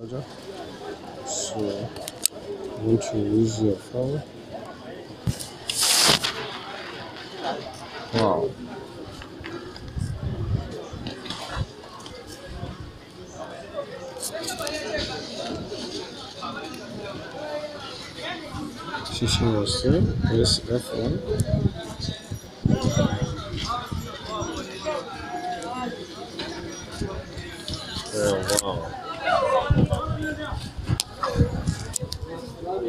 charger so I'm going to use your phone wow Shishin was there, press F1 Oh, wow.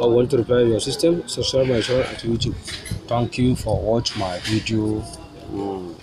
or want to repair your system, subscribe my channel at YouTube. Thank you for watch my video. Mm.